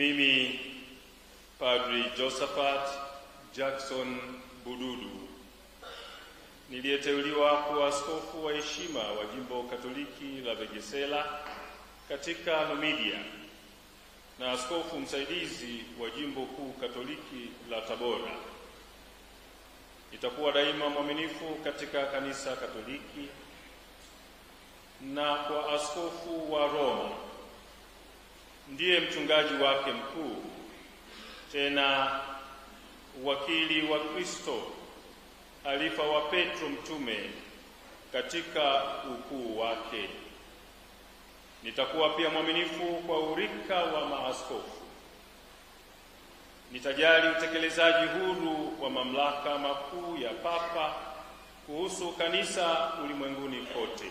Mimi Padri Josephat Jackson Bududu niliyeteuliwa kuwa askofu wa heshima wa jimbo Katoliki la Vegesela katika Numidia na askofu msaidizi wa jimbo kuu Katoliki la Tabora. Nitakuwa daima mwaminifu katika kanisa Katoliki na kwa askofu wa Roma ndiye mchungaji wake mkuu, tena wakili wa Kristo, alifa wa Petro mtume katika ukuu wake. Nitakuwa pia mwaminifu kwa urika wa maaskofu. Nitajali utekelezaji huru wa mamlaka makuu ya Papa kuhusu kanisa ulimwenguni kote.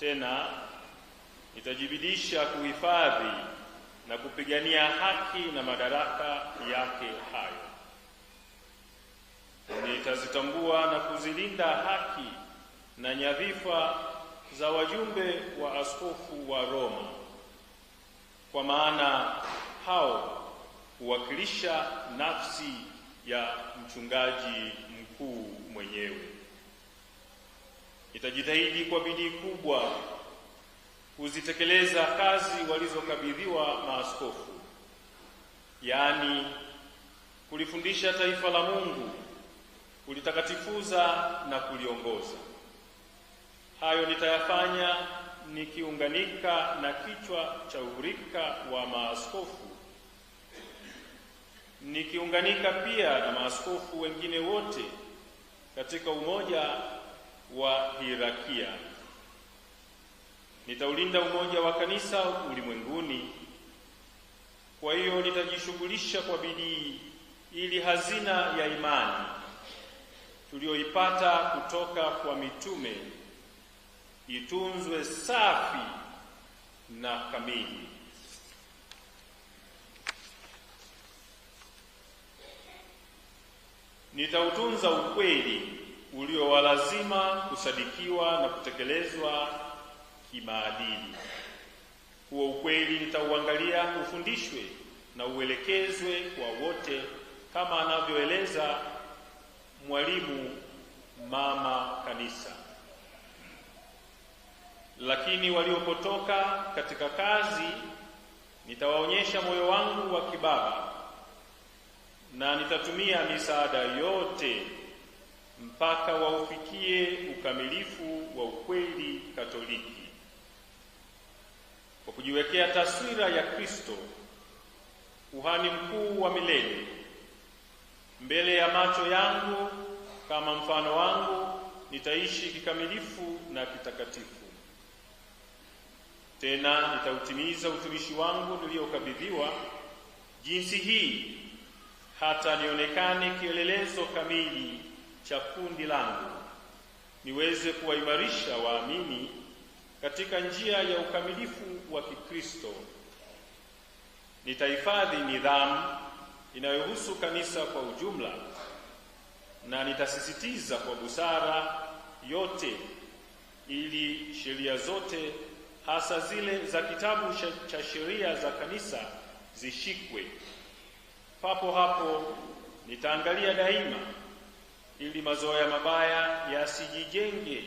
Tena nitajibidisha kuhifadhi na kupigania haki na madaraka yake hayo. Nitazitambua na kuzilinda haki na nyadhifa za wajumbe wa askofu wa Roma, kwa maana hao huwakilisha nafsi ya mchungaji mkuu mwenyewe. Nitajitahidi kwa bidii kubwa kuzitekeleza kazi walizokabidhiwa maaskofu, yaani kulifundisha taifa la Mungu, kulitakatifuza na kuliongoza. Hayo nitayafanya nikiunganika na kichwa cha urika wa maaskofu, nikiunganika pia na maaskofu wengine wote katika umoja wa hirakia nitaulinda umoja wa kanisa ulimwenguni. Kwa hiyo nitajishughulisha kwa bidii ili hazina ya imani tuliyoipata kutoka kwa mitume itunzwe safi na kamili. Nitautunza ukweli uliowalazima kusadikiwa na kutekelezwa kimaadili. Huo ukweli nitauangalia ufundishwe na uelekezwe kwa wote, kama anavyoeleza mwalimu mama kanisa. Lakini waliopotoka katika kazi, nitawaonyesha moyo wangu wa kibaba na nitatumia misaada yote mpaka waufikie ukamilifu wa ukweli Katoliki kujiwekea taswira ya Kristo, kuhani mkuu wa milele, mbele ya macho yangu kama mfano wangu nitaishi kikamilifu na kitakatifu. Tena nitautimiza utumishi wangu niliokabidhiwa jinsi hii, hata nionekane kielelezo kamili cha kundi langu, niweze kuwaimarisha waamini katika njia ya ukamilifu wa Kikristo. Nitahifadhi nidhamu inayohusu kanisa kwa ujumla na nitasisitiza kwa busara yote ili sheria zote hasa zile za kitabu cha sheria za kanisa zishikwe. Papo hapo nitaangalia daima ili mazoea mabaya yasijijenge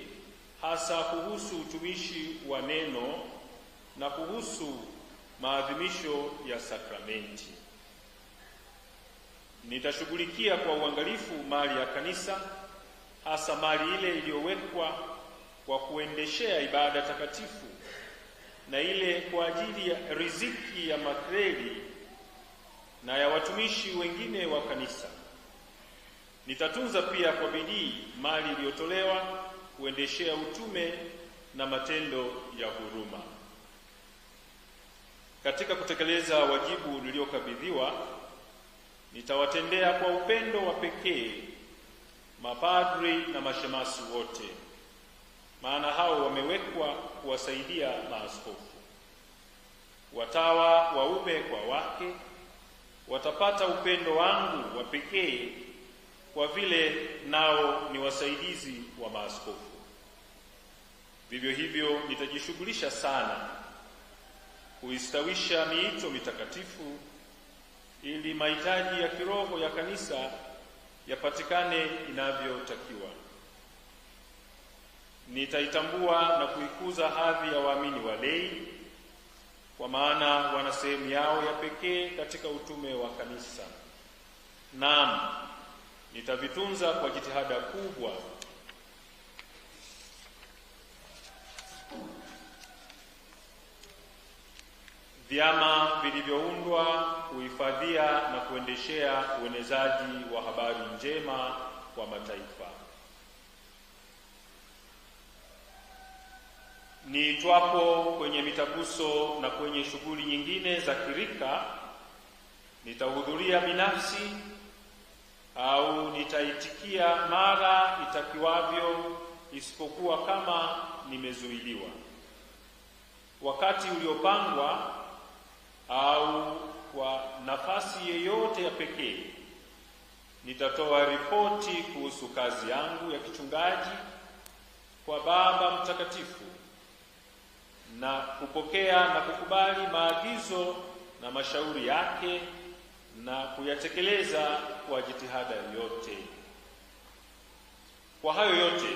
hasa kuhusu utumishi wa neno na kuhusu maadhimisho ya sakramenti. Nitashughulikia kwa uangalifu mali ya kanisa, hasa mali ile iliyowekwa kwa kuendeshea ibada takatifu na ile kwa ajili ya riziki ya makreli na ya watumishi wengine wa kanisa. Nitatunza pia kwa bidii mali iliyotolewa kuendeshea utume na matendo ya huruma. Katika kutekeleza wajibu niliokabidhiwa, nitawatendea kwa upendo wa pekee mapadri na mashemasi wote, maana hao wamewekwa kuwasaidia maaskofu. Watawa waume kwa wake watapata upendo wangu wa pekee kwa vile nao ni wasaidizi wa maaskofu. Vivyo hivyo nitajishughulisha sana kuistawisha miito mitakatifu ili mahitaji ya kiroho ya kanisa yapatikane inavyotakiwa. Nitaitambua na kuikuza hadhi ya waamini walei, kwa maana wana sehemu yao ya pekee katika utume wa kanisa. Naam, nitavitunza kwa jitihada kubwa vyama vilivyoundwa kuhifadhia na kuendeshea uenezaji wa habari njema kwa mataifa. Niitwapo kwenye mitaguso na kwenye shughuli nyingine za kirika, nitahudhuria binafsi au nitaitikia mara itakiwavyo, isipokuwa kama nimezuiliwa. Wakati uliopangwa au kwa nafasi yeyote ya pekee, nitatoa ripoti kuhusu kazi yangu ya kichungaji kwa Baba Mtakatifu na kupokea na kukubali maagizo na mashauri yake na kuyatekeleza kwa jitihada yote. Kwa hayo yote,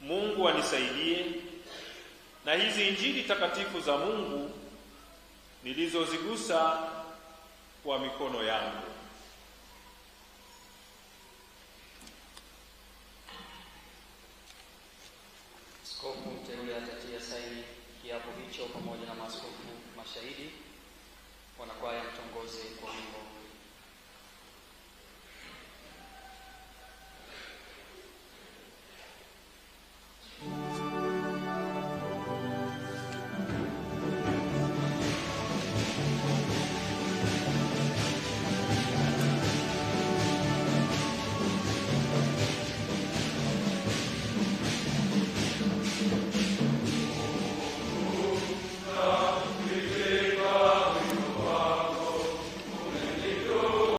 Mungu anisaidie na hizi Injili takatifu za Mungu nilizozigusa kwa mikono yangu. Askofu mteule atatia saini kiapo hicho pamoja na maaskofu mashahidi wanakwaya mtongozi kwa wimbo